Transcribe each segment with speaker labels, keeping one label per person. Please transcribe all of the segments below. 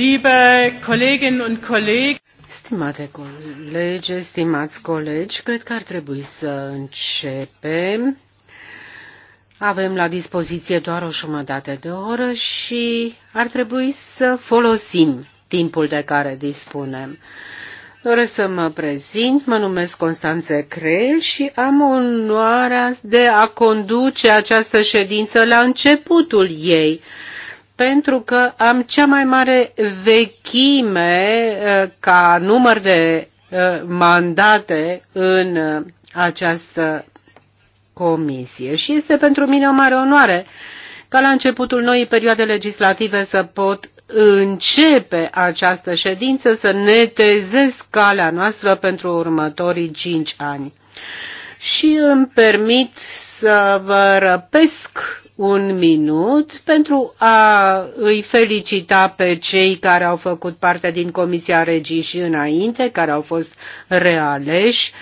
Speaker 1: Liebe Kolleginnen und Kollegen, Stimate colege, stimați colegi, cred că ar trebui să începem. Avem la dispoziție doar o jumătate de oră și ar trebui să folosim timpul de care dispunem. Doresc să mă prezint, mă numesc Constanțe Creel și am onoarea de a conduce această ședință la începutul ei pentru că am cea mai mare vechime eh, ca număr de eh, mandate în eh, această comisie și este pentru mine o mare onoare ca la începutul noii perioade legislative să pot începe această ședință, să netezez calea noastră pentru următorii cinci ani. Și îmi permit să vă răpesc un minut pentru a îi felicita pe cei care au făcut parte din Comisia Regii și înainte, care au fost realeși.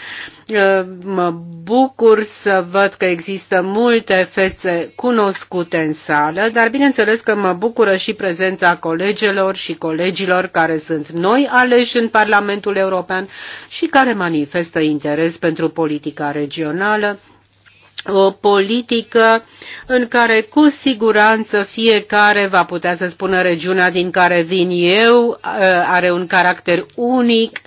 Speaker 1: Uh, mă bucur să văd că există multe fețe cunoscute în sală, dar bineînțeles că mă bucură și prezența colegelor și colegilor care sunt noi aleși în Parlamentul European și care manifestă interes pentru politica regională o politică în care cu siguranță fiecare va putea să spună regiunea din care vin eu uh, are un caracter unic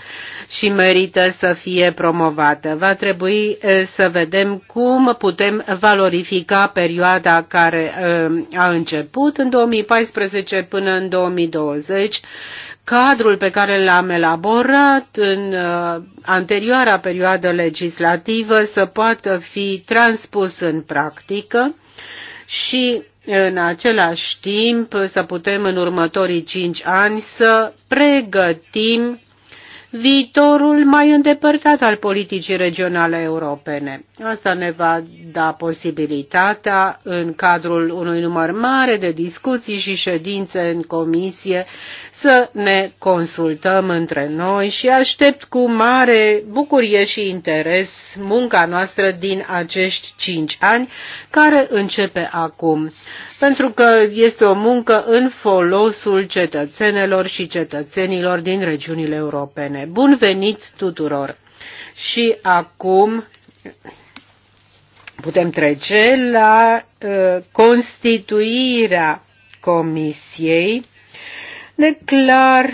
Speaker 1: și merită să fie promovată. Va trebui uh, să vedem cum putem valorifica perioada care uh, a început în 2014 până în 2020 cadrul pe care l-am elaborat în uh, anterioara perioadă legislativă să poată fi transpus în practică și în același timp să putem în următorii cinci ani să pregătim viitorul mai îndepărtat al politicii regionale europene. Asta ne va da posibilitatea, în cadrul unui număr mare de discuții și ședințe în comisie, să ne consultăm între noi și aștept cu mare bucurie și interes munca noastră din acești cinci ani, care începe acum, pentru că este o muncă în folosul cetățenilor și cetățenilor din regiunile europene bune. Bun venit tuturor! Și acum putem trece la uh, constituirea comisiei. Declar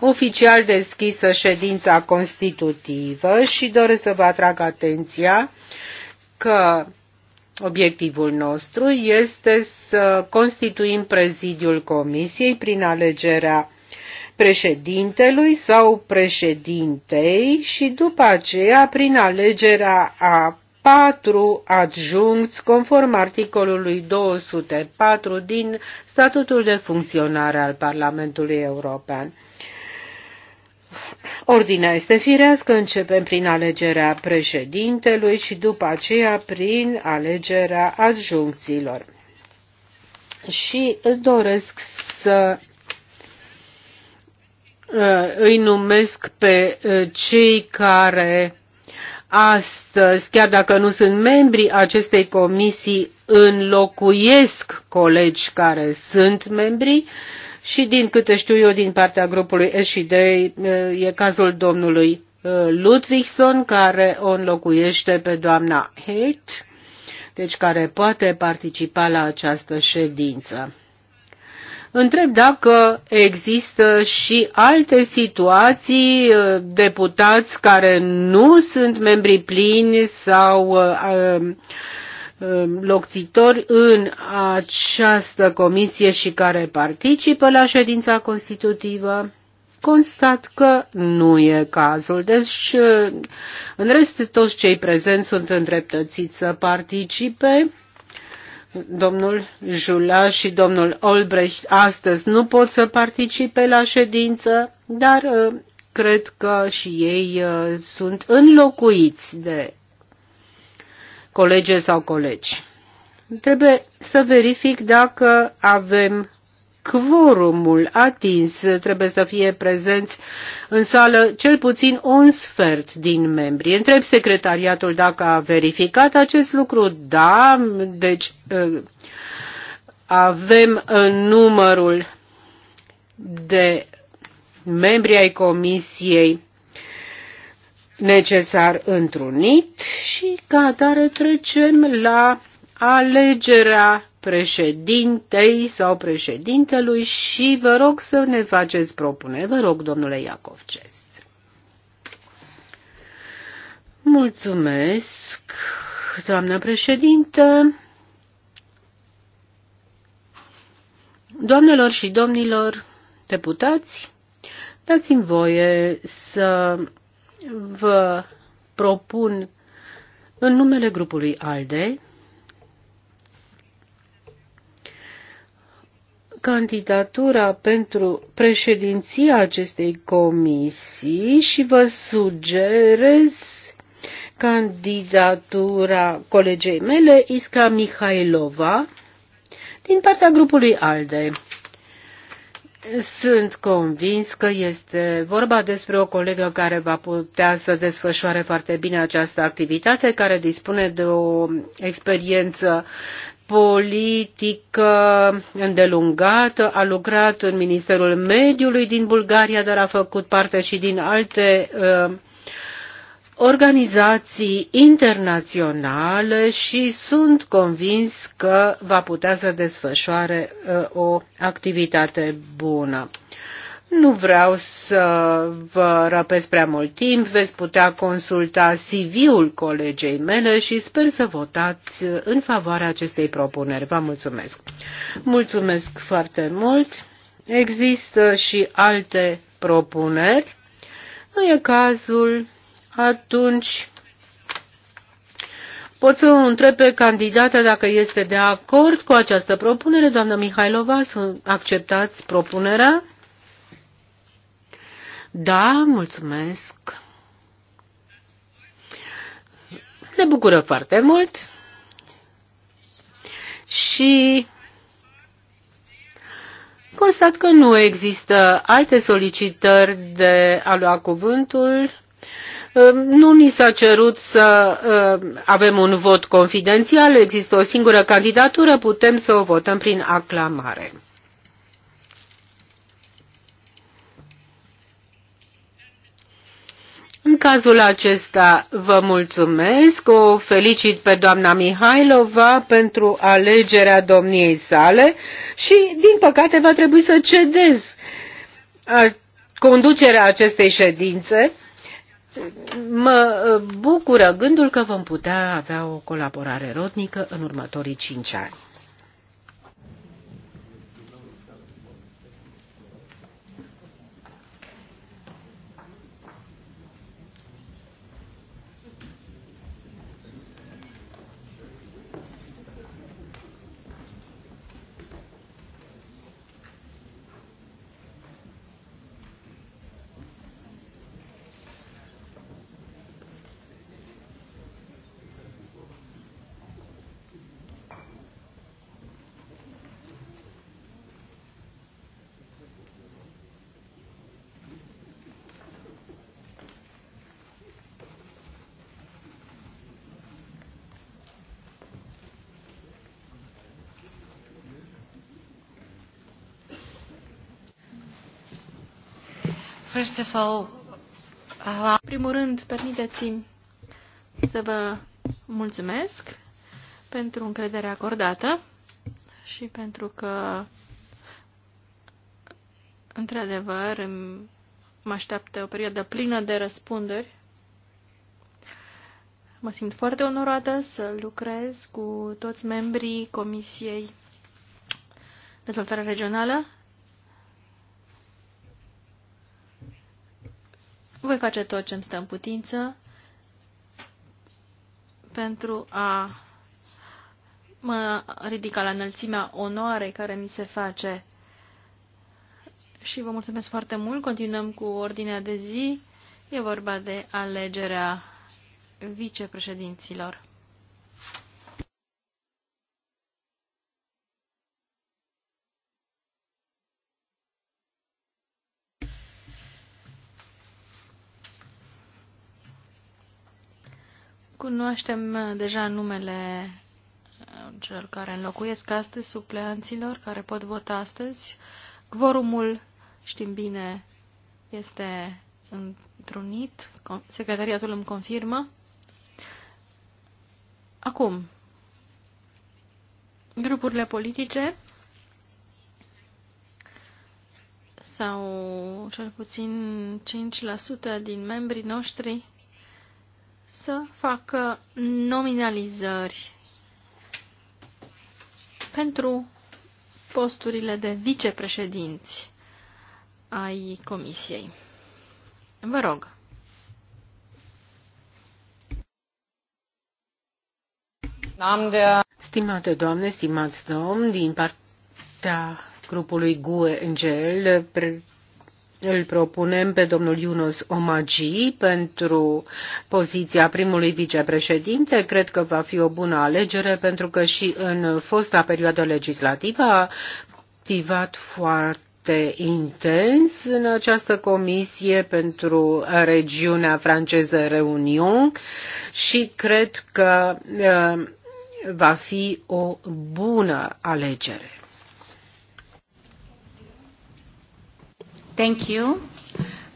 Speaker 1: oficial deschisă ședința constitutivă și doresc să vă atrag atenția că obiectivul nostru este să constituim prezidiul comisiei prin alegerea președintelui sau președintei și după aceea prin alegerea a patru adjuncți conform articolului 204 din Statutul de Funcționare al Parlamentului European. Ordinea este firească, începem prin alegerea președintelui și după aceea prin alegerea adjuncților. Și doresc să Uh, îi numesc pe uh, cei care astăzi, chiar dacă nu sunt membri acestei comisii, înlocuiesc colegi care sunt membri și din câte știu eu din partea grupului SD uh, e cazul domnului Ludvigson care o înlocuiește pe doamna Hate, deci care poate participa la această ședință. Întreb dacă există și alte situații, uh, deputați care nu sunt membri plini sau uh, uh, locțitori în această comisie și care participă la ședința constitutivă constat că nu e cazul. Deci, în rest, toți cei prezenți sunt îndreptățiți să participe domnul Jula și domnul Olbrecht astăzi nu pot să participe la ședință, dar uh, cred că și ei uh, sunt înlocuiți de colege sau colegi. Trebuie să verific dacă avem quorumul atins. Trebuie să fie prezenți în sală cel puțin un sfert din membri. Întreb secretariatul dacă a verificat acest lucru. Da, deci ă, avem ă, numărul de membri ai comisiei necesar întrunit și ca atare trecem la alegerea președintei sau președintelui și vă rog să ne faceți propuneri. Vă rog, domnule Ces. Mulțumesc, doamna președintă. Doamnelor și domnilor deputați, dați-mi voie să vă propun în numele grupului ALDE candidatura pentru președinția acestei comisii și vă sugerez candidatura colegei mele, Isca Mihailova, din partea grupului ALDE. Sunt convins că este vorba despre o colegă care va putea să desfășoare foarte bine această activitate, care dispune de o experiență politică îndelungată, a lucrat în Ministerul Mediului din Bulgaria, dar a făcut parte și din alte uh, organizații internaționale și sunt convins că va putea să desfășoare uh, o activitate bună. Nu vreau să vă răpesc prea mult timp, veți putea consulta CV-ul colegei mele și sper să votați în favoarea acestei propuneri. Vă mulțumesc! Mulțumesc foarte mult! Există și alte propuneri. Nu e cazul. Atunci pot să întreb pe candidata dacă este de acord cu această propunere. Doamna Mihailova, acceptați propunerea? Da, mulțumesc. Ne bucură foarte mult și constat că nu există alte solicitări de a lua cuvântul. Nu ni s-a cerut să avem un vot confidențial, există o singură candidatură, putem să o votăm prin aclamare. În cazul acesta vă mulțumesc, o felicit pe doamna Mihailova pentru alegerea domniei sale și, din păcate, va trebui să cedez conducerea acestei ședințe. Mă bucură gândul că vom putea avea o colaborare rodnică în următorii cinci ani. First of all,
Speaker 2: uh, în primul rând, permiteți-mi să vă mulțumesc pentru încrederea acordată și pentru că, într-adevăr, mă așteaptă o perioadă plină de răspunderi. Mă simt foarte onorată să lucrez cu toți membrii Comisiei Dezvoltare Regională Voi face tot ce îmi stă în putință pentru a mă ridica la înălțimea onoarei care mi se face. Și vă mulțumesc foarte mult. Continuăm cu ordinea de zi. E vorba de alegerea vicepreședinților. Cunoaștem uh, deja numele uh, celor care înlocuiesc astăzi, supleanților care pot vota astăzi. Quorumul, știm bine, este întrunit. Secretariatul îmi confirmă. Acum, grupurile politice sau cel puțin 5% din membrii noștri să facă nominalizări pentru posturile de vicepreședinți ai Comisiei.
Speaker 1: Vă rog. Stimate doamne, stimați domni, din partea grupului GUE-NGL, îl propunem pe domnul Yunus Omagi pentru poziția primului vicepreședinte. Cred că va fi o bună alegere pentru că și în fosta perioadă legislativă a activat foarte foarte intens în această comisie pentru regiunea franceză Reunion și cred că uh, va fi o bună alegere. Thank you.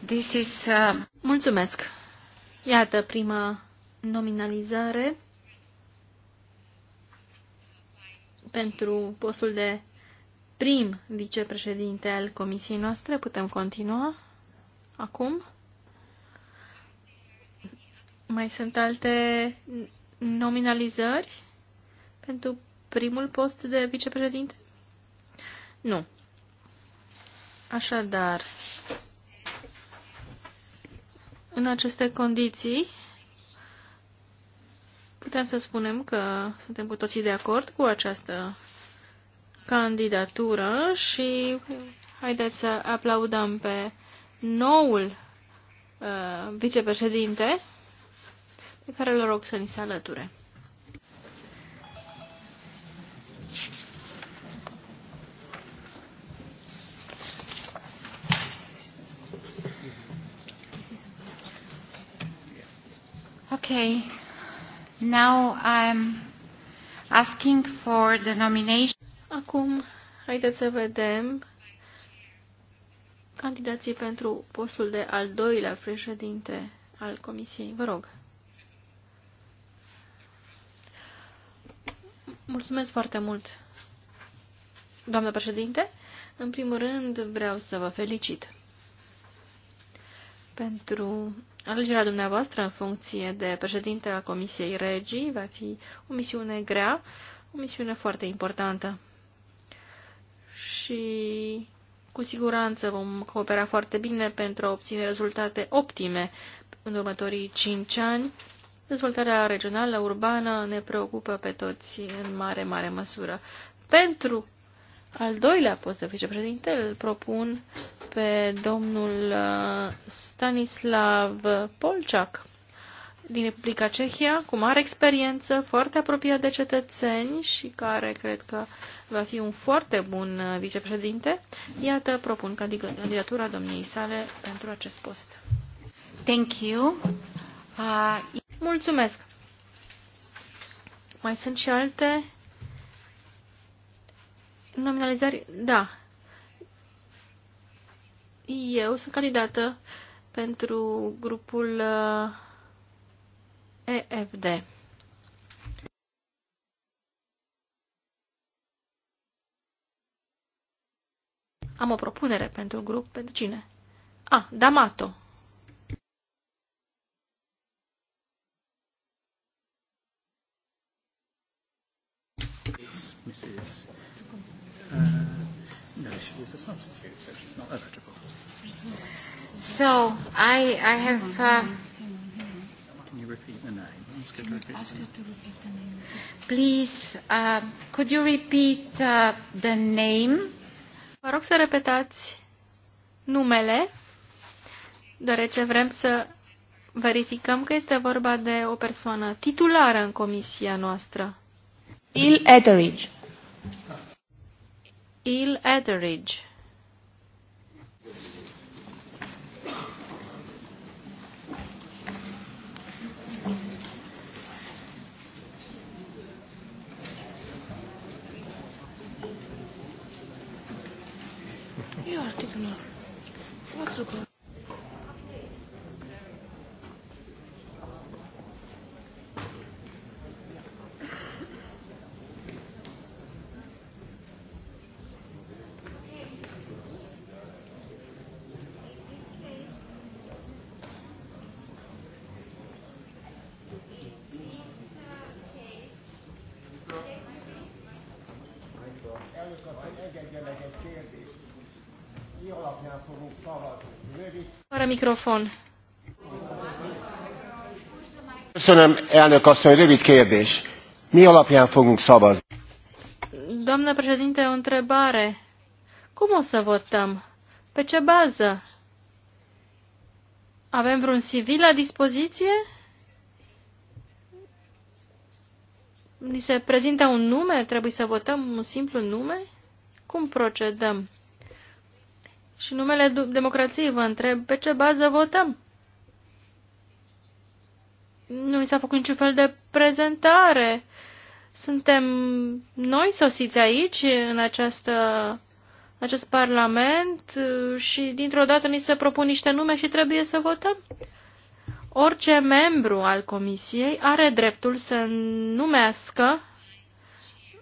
Speaker 1: This is,
Speaker 2: uh... Mulțumesc. Iată prima nominalizare pentru postul de prim vicepreședinte al comisiei noastre. Putem continua acum. Mai sunt alte nominalizări pentru primul post de vicepreședinte? Nu. Așadar, în aceste condiții, putem să spunem că suntem cu toții de acord cu această candidatură și haideți să aplaudăm pe noul uh, vicepreședinte pe care îl rog să ni se alăture.
Speaker 1: Okay. Now
Speaker 2: I'm asking for the nomination. Acum, haideți să vedem candidații pentru postul de al doilea președinte al Comisiei. Vă rog. Mulțumesc foarte mult, doamnă președinte. În primul rând, vreau să vă felicit pentru alegerea dumneavoastră în funcție de președinte a Comisiei Regii. Va fi o misiune grea, o misiune foarte importantă. Și cu siguranță vom coopera foarte bine pentru a obține rezultate optime în următorii cinci ani. Dezvoltarea regională, urbană ne preocupă pe toți în mare, mare măsură. Pentru al doilea post de vicepreședinte îl propun pe domnul uh, Stanislav Polciac din Republica Cehia, cu mare experiență, foarte apropiat de cetățeni și care cred că va fi un foarte bun uh, vicepreședinte. Iată, propun candidatura domniei sale pentru acest post. Thank you. Uh... Mulțumesc. Mai sunt și alte Nominalizare, da. Eu sunt candidată pentru grupul uh, EFD. Am o propunere pentru grup. Pentru cine? A, ah, Damato.
Speaker 1: So I, I have. Uh,
Speaker 2: Can you repeat the name? Ask her to repeat, to repeat the name. Please, uh, could you repeat uh, the name? Vă rog să repetați numele, deoarece vrem să verificăm că este vorba de o persoană titulară în comisia noastră.
Speaker 1: Il Etheridge.
Speaker 2: Il Etheridge. What's the microfon.
Speaker 1: Köszönöm, elnök asszony, rövid kérdés. Mi alapján fogunk szavazni?
Speaker 2: Doamnă președinte, o întrebare. Cum o să votăm? Pe ce bază? Avem vreun CV la dispoziție? Ni se prezintă un nume? Trebuie să votăm un simplu nume? Cum procedăm? și numele democrației vă întreb pe ce bază votăm. Nu mi s-a făcut niciun fel de prezentare. Suntem noi sosiți aici, în, această, acest parlament și dintr-o dată ni se propun niște nume și trebuie să votăm. Orice membru al comisiei are dreptul să numească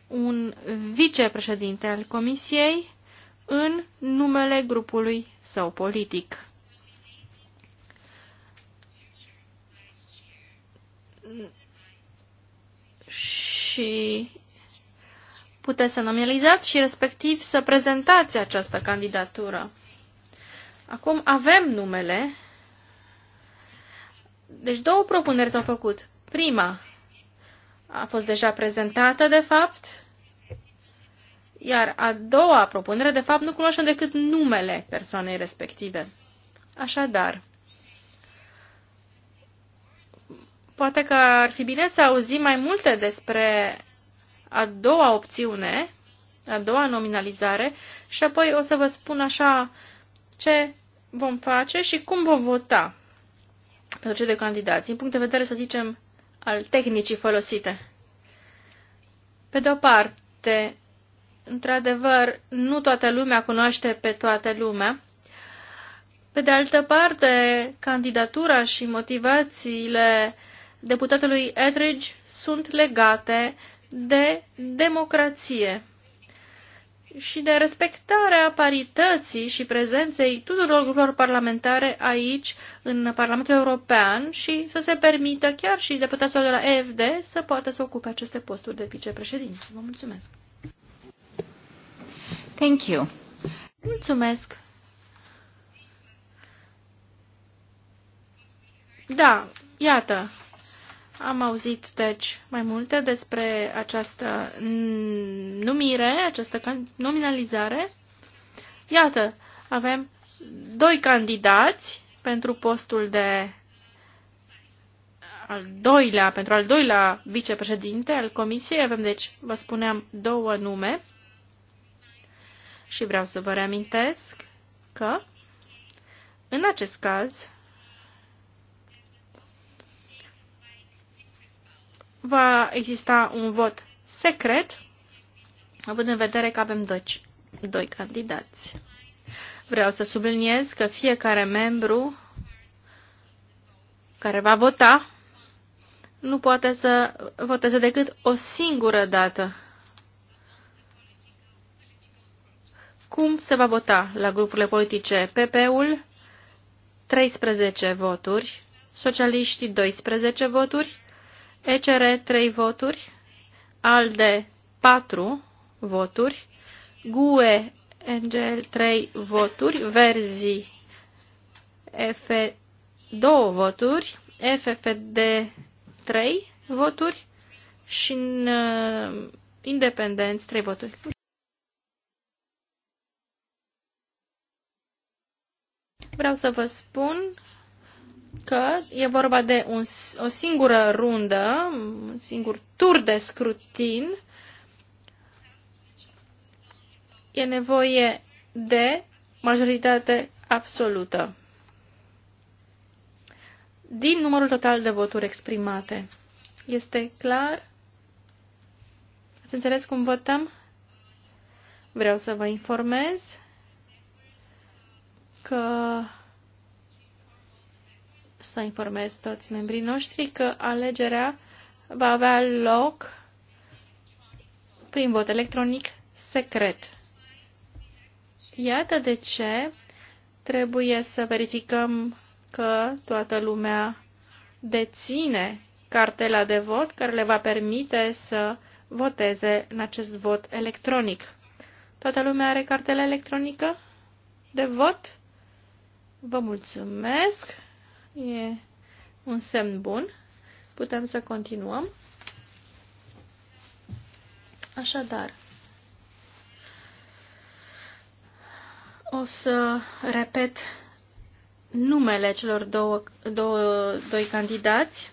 Speaker 2: un vicepreședinte al comisiei în numele grupului său politic. Și puteți să nominalizați și respectiv să prezentați această candidatură. Acum avem numele. Deci două propuneri s-au făcut. Prima a fost deja prezentată, de fapt, iar a doua propunere, de fapt, nu cunoaștem decât numele persoanei respective. Așadar, poate că ar fi bine să auzim mai multe despre a doua opțiune, a doua nominalizare și apoi o să vă spun așa ce vom face și cum vom vota pentru cei de candidați, din punct de vedere, să zicem, al tehnicii folosite. Pe de o parte, într-adevăr, nu toată lumea cunoaște pe toată lumea. Pe de altă parte, candidatura și motivațiile deputatului Etridge sunt legate de democrație și de respectarea parității și prezenței tuturor grupurilor parlamentare aici, în Parlamentul European, și să se permită chiar și deputaților de la EFD să poată să ocupe aceste posturi de vicepreședinți. Vă mulțumesc! Thank you. Mulțumesc. Da, iată. Am auzit, deci, mai multe despre această numire, această nominalizare. Iată, avem doi candidați pentru postul de al doilea, pentru al doilea vicepreședinte al comisiei. Avem, deci, vă spuneam, două nume. Și vreau să vă reamintesc că, în acest caz, va exista un vot secret, având în vedere că avem doi, doi candidați. Vreau să subliniez că fiecare membru care va vota nu poate să voteze decât o singură dată. Cum se va vota la grupurile politice? PP-ul 13 voturi, socialiștii 12 voturi, ECR 3 voturi, ALDE 4 voturi, GUE NGL 3 voturi, Verzi F 2 voturi, FFD 3 voturi și în uh, Independenți 3 voturi. vreau să vă spun că e vorba de un, o singură rundă, un singur tur de scrutin. E nevoie de majoritate absolută din numărul total de voturi exprimate. Este clar? Ați înțeles cum votăm? Vreau să vă informez că să informez toți membrii noștri că alegerea va avea loc prin vot electronic secret. Iată de ce trebuie să verificăm că toată lumea deține cartela de vot care le va permite să voteze în acest vot electronic. Toată lumea are cartela electronică de vot? Vă mulțumesc. E un semn bun. Putem să continuăm. Așadar, o să repet numele celor două, două, doi candidați.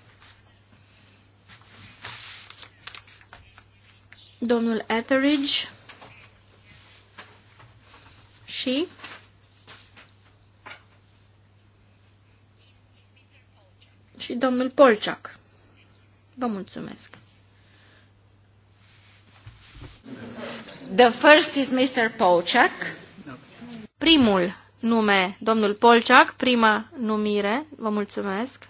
Speaker 2: Domnul Etheridge și domnul Polciac. Vă mulțumesc. The first is Mr. Polciac. Primul nume, domnul Polciac, prima numire, vă mulțumesc.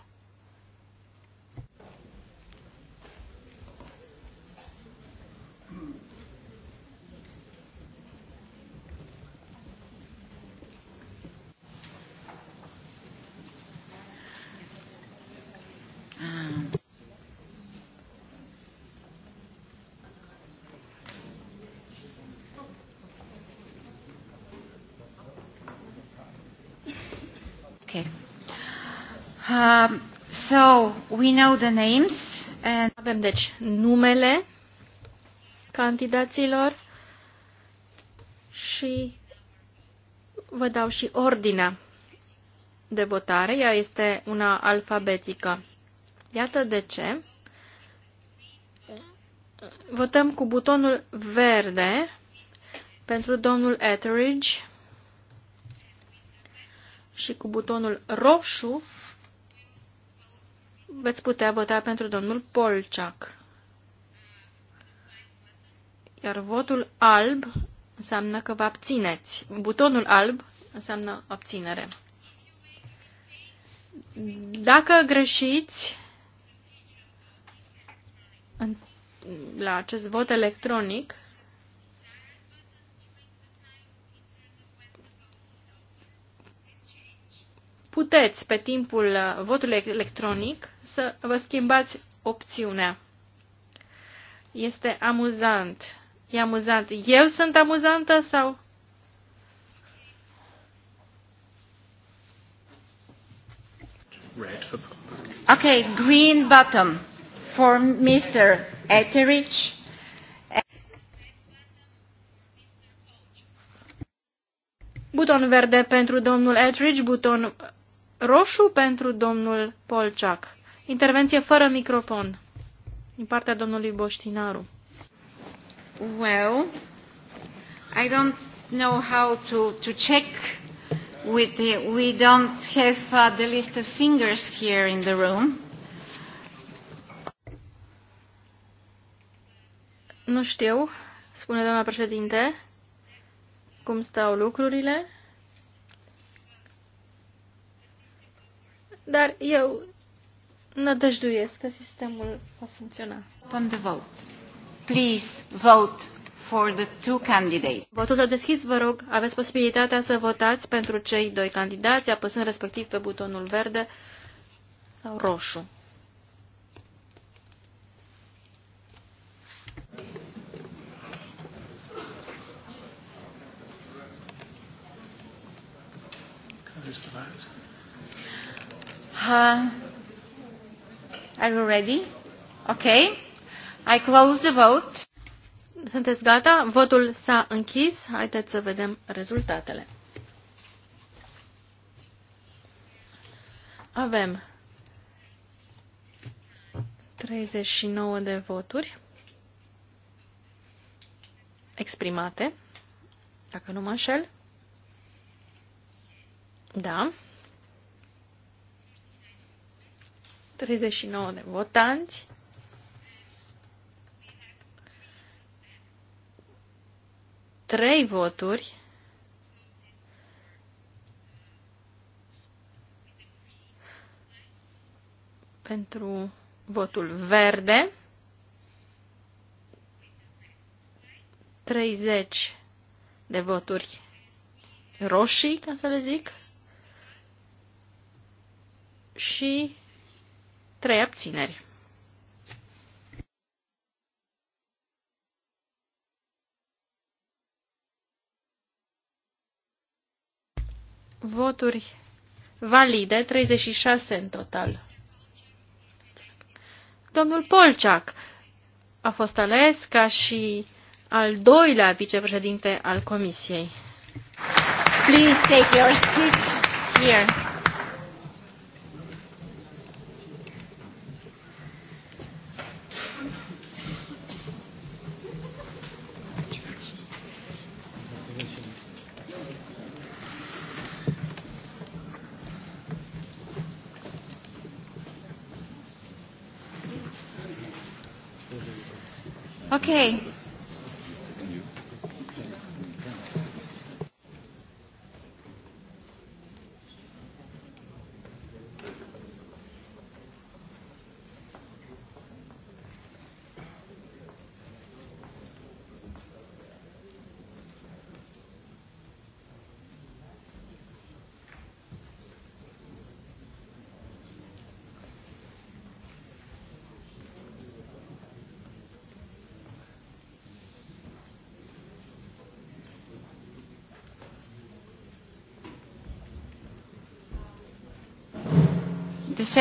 Speaker 2: So, we know the names and... Avem deci numele candidaților și vă dau și ordinea de votare. Ea este una alfabetică. Iată de ce. Votăm cu butonul verde pentru domnul Etheridge și cu butonul roșu veți putea vota pentru domnul Polciac. Iar votul alb înseamnă că vă abțineți. Butonul alb înseamnă abținere. Dacă greșiți în, la acest vot electronic, puteți pe timpul votului electronic să vă schimbați opțiunea. Este amuzant. E amuzant. Eu sunt amuzantă sau... Okay, green bottom for Mr. Etheridge. Buton verde pentru domnul Etheridge, buton roșu pentru domnul Polchak. Intervenție fără microfon din partea domnului Boștinaru. Well, I don't know how
Speaker 1: to, to check with the, we don't have uh, the list of singers here in the room.
Speaker 2: Nu știu, spune doamna președinte, cum stau lucrurile, dar eu nădăjduiesc că sistemul va funcționa. Open the vote. Please vote for the two candidates. Votul s-a deschis, vă rog. Aveți posibilitatea să votați pentru cei doi candidați, apăsând respectiv pe butonul verde sau roșu. Uh, are you ready? Okay. I close the vote. Sunteți gata? Votul s-a închis. Haideți să vedem rezultatele. Avem 39 de voturi exprimate, dacă nu mă înșel. Da. 39 de votanți. Trei voturi pentru votul verde, 30 de voturi roșii, ca să le zic, și Trei abțineri. Voturi valide, 36 în total. Domnul Polciac a fost ales ca și al doilea vicepreședinte al Comisiei. Please take your seat here.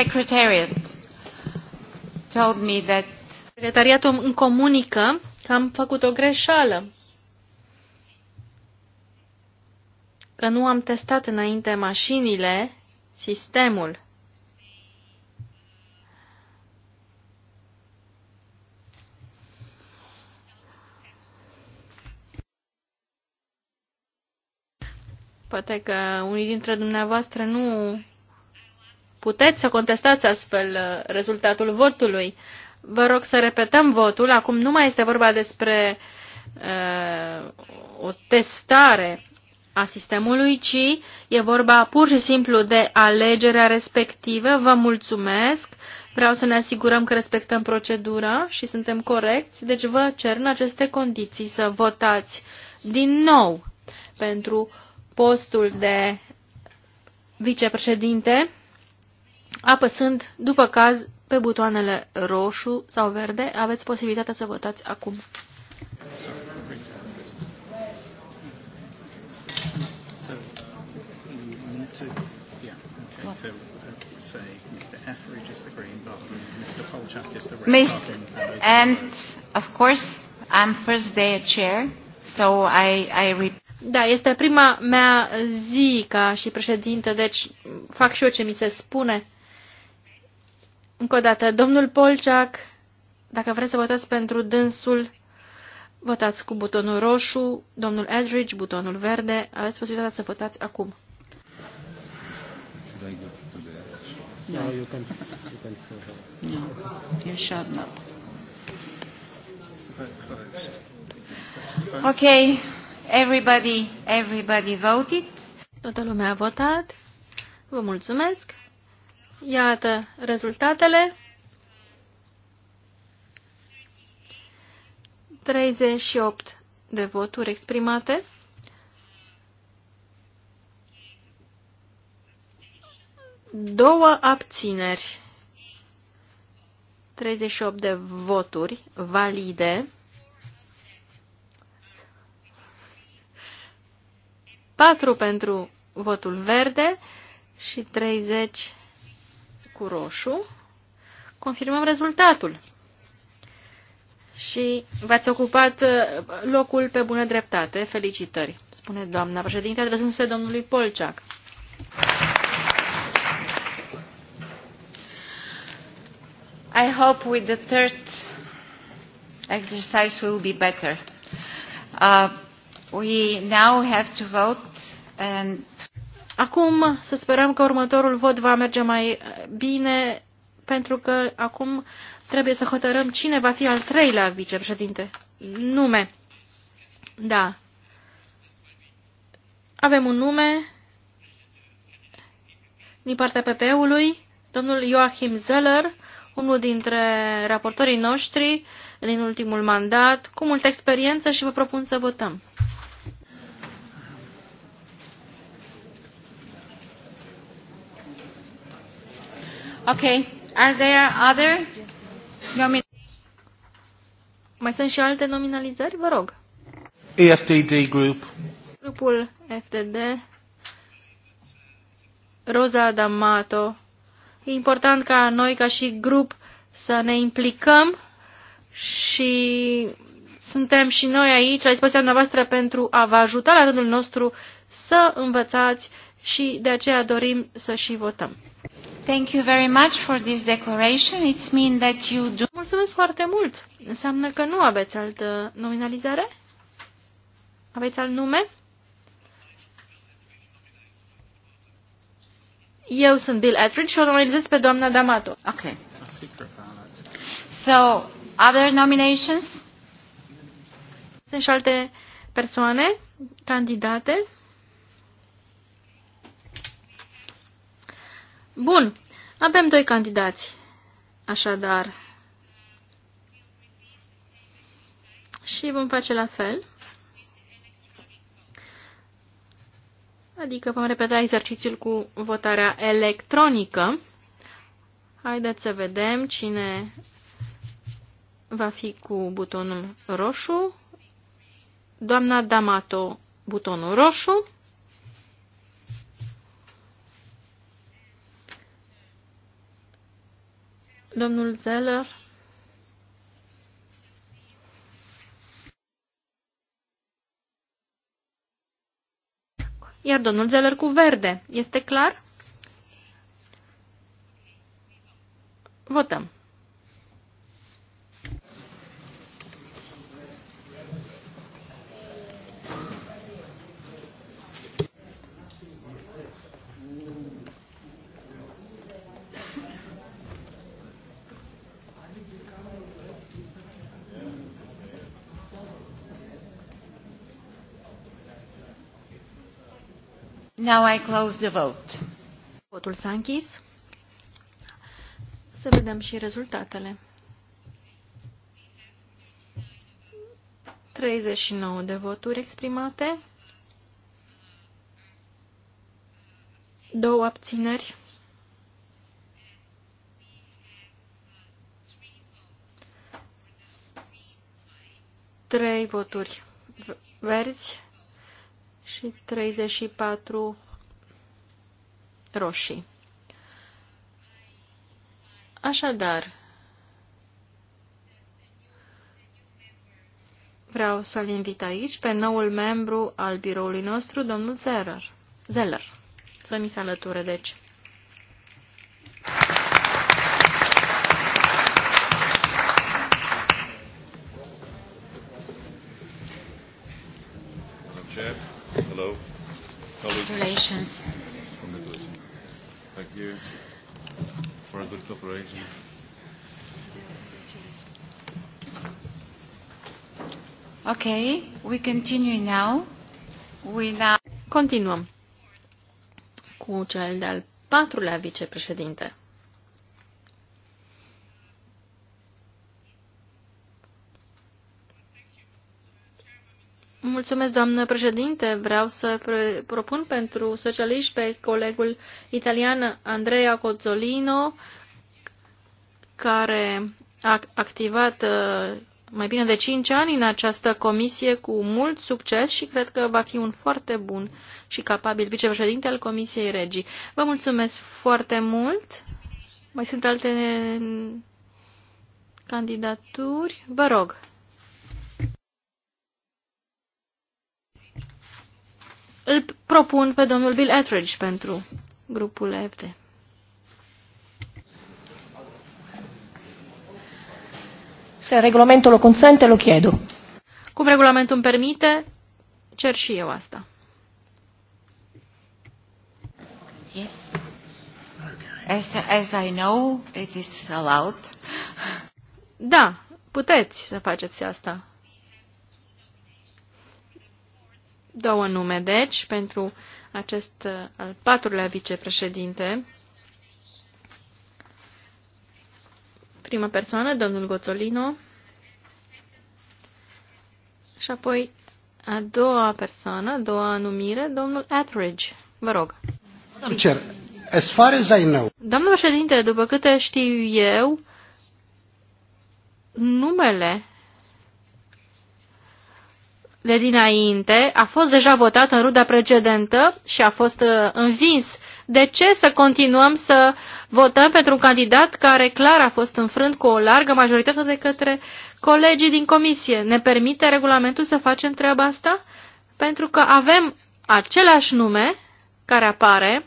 Speaker 2: Secretariat told me that Secretariatul îmi comunică că am făcut o greșeală. Că nu am testat înainte mașinile, sistemul. Poate că unii dintre dumneavoastră nu Puteți să contestați astfel uh, rezultatul votului. Vă rog să repetăm votul. Acum nu mai este vorba despre uh, o testare a sistemului, ci e vorba pur și simplu de alegerea respectivă. Vă mulțumesc. Vreau să ne asigurăm că respectăm procedura și suntem corecți, deci vă cer în aceste condiții să votați din nou pentru postul de vicepreședinte apăsând după caz pe butoanele roșu sau verde, aveți posibilitatea să votați acum. Mr. And of course, I'm first day chair, so I I Da, este prima mea zi ca și președinte, deci fac și eu ce mi se spune. Încă o dată, domnul Polciac, dacă vreți să votați pentru dânsul, votați cu butonul roșu, domnul Edridge, butonul verde, aveți posibilitatea să votați acum.
Speaker 1: Ok, Okay,
Speaker 2: everybody, everybody voted. Toată lumea a votat. Vă mulțumesc. Iată rezultatele. 38 de voturi exprimate. Două abțineri. 38 de voturi valide. patru pentru votul verde și 30 cu roșu, confirmăm rezultatul. Și v-ați ocupat uh, locul pe bună dreptate. Felicitări, spune doamna președinte, adresându-se domnului Polceac. I hope with the third exercise will be better. Uh, we now have to vote and Acum să sperăm că următorul vot va merge mai bine, pentru că acum trebuie să hotărâm cine va fi al treilea vicepreședinte. Nume. Da. Avem un nume din partea PP-ului, domnul Joachim Zeller, unul dintre raportorii noștri din ultimul mandat, cu multă experiență și vă propun să votăm. Okay. Are there other Mai sunt și alte nominalizări? Vă rog.
Speaker 1: EFTD Group.
Speaker 2: Grupul FTD. Rosa D'Amato. E important ca noi, ca și grup, să ne implicăm și suntem și noi aici la dispoziția noastră pentru a vă ajuta la rândul nostru să învățați și de aceea dorim să și votăm. Thank you very much for this declaration. It's mean that you do... Mulțumesc foarte mult. Înseamnă că nu aveți altă nominalizare? Aveți alt nume? Eu sunt Bill Etheridge și o nominalizez pe doamna D'Amato. Ok. So, other nominations? Sunt și alte persoane candidate. Bun, avem doi candidați. Așadar, și vom face la fel. Adică vom repeta exercițiul cu votarea electronică. Haideți să vedem cine va fi cu butonul roșu. Doamna Damato, butonul roșu. Domnul Zeller. Iar domnul Zeller cu verde. Este clar? Votăm. Now I close the vote. Votul s-a închis. Să vedem și rezultatele. 39 de voturi exprimate, două abțineri, trei voturi verzi, și 34 roșii. Așadar, vreau să-l invit aici pe noul membru al biroului nostru, domnul Zeller. Zeller. Să mi se alăture, deci.
Speaker 1: questions. Thank you for a good cooperation.
Speaker 2: Okay, we continue now. We now... Uh, Continuăm cu cel de-al patrulea vicepreședinte. Mulțumesc, doamnă președinte. Vreau să pre propun pentru socialiști pe colegul italian Andrea Cozzolino, care a activat uh, mai bine de 5 ani în această comisie cu mult succes și cred că va fi un foarte bun și capabil vicepreședinte al Comisiei Regii. Vă mulțumesc foarte mult. Mai sunt alte candidaturi? Vă rog. Îl propun pe domnul Bill Etheridge pentru grupul EFD. Se regulamentul o consente, lo chiedo. Cum regulamentul îmi permite, cer și eu asta. Yes. As, as I know, it is allowed. Da, puteți să faceți asta. două nume, deci, pentru acest uh, al patrulea vicepreședinte. Prima persoană, domnul Gozolino. și apoi a doua persoană, a doua numire, domnul Etheridge. Vă rog. Cer, as far as I know. Domnul președinte, după câte știu eu, numele de dinainte a fost deja votat în ruda precedentă și a fost uh, învins. De ce să continuăm să votăm pentru un candidat care clar a fost înfrânt cu o largă majoritate de către colegii din comisie? Ne permite regulamentul să facem treaba asta? Pentru că avem același nume care apare,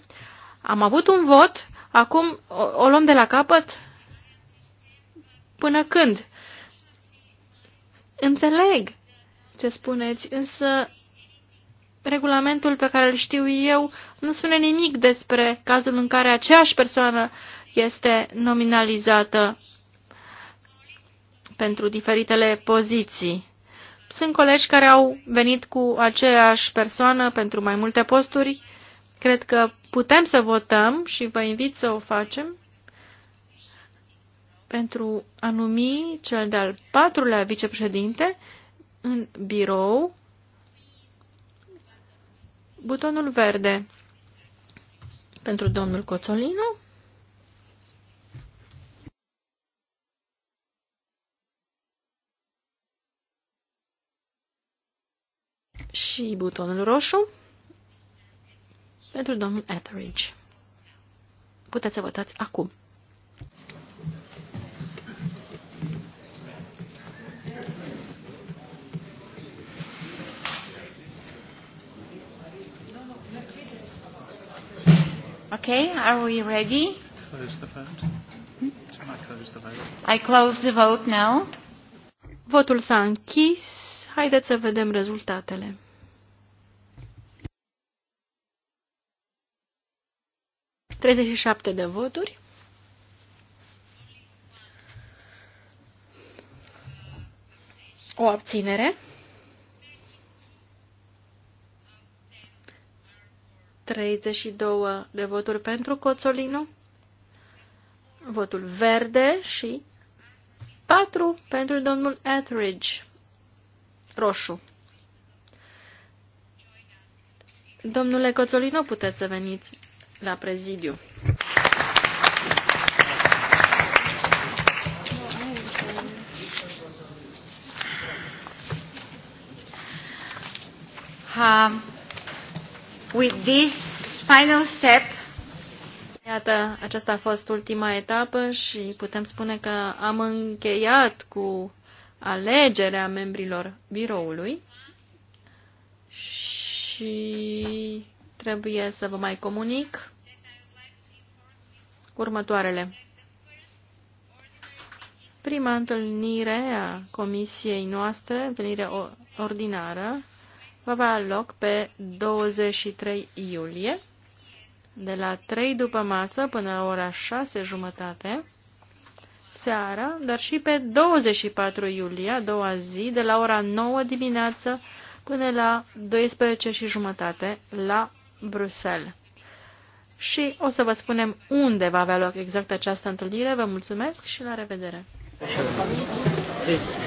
Speaker 2: am avut un vot, acum o, o luăm de la capăt? Până când? Înțeleg ce spuneți, însă regulamentul pe care îl știu eu nu spune nimic despre cazul în care aceeași persoană este nominalizată pentru diferitele poziții. Sunt colegi care au venit cu aceeași persoană pentru mai multe posturi. Cred că putem să votăm și vă invit să o facem pentru a numi cel de-al patrulea vicepreședinte în birou butonul verde pentru domnul Coțolinu. Și butonul roșu pentru domnul Etheridge. Puteți să votați acum. Okay, are we ready? Close the vote. Hmm? I close the vote? I close the vote now. Votul s-a închis. Haideți să vedem rezultatele. Treizeci și șapte de voturi. O abținere. 32 de voturi pentru Coțolinu, votul verde și 4 pentru domnul Etheridge, roșu. Domnule Coțolinu, puteți să veniți la prezidiu. Um, With this final step, Iată, aceasta a fost ultima etapă și putem spune că am încheiat cu alegerea membrilor biroului și trebuie să vă mai comunic următoarele. Prima întâlnire a comisiei noastre, întâlnire ordinară, va avea loc pe 23 iulie, de la 3 după masă până la ora 6 jumătate, seara, dar și pe 24 iulie, a doua zi, de la ora 9 dimineață până la 12 și jumătate la Bruxelles. Și o să vă spunem unde va avea loc exact această întâlnire. Vă mulțumesc și la revedere! Așa.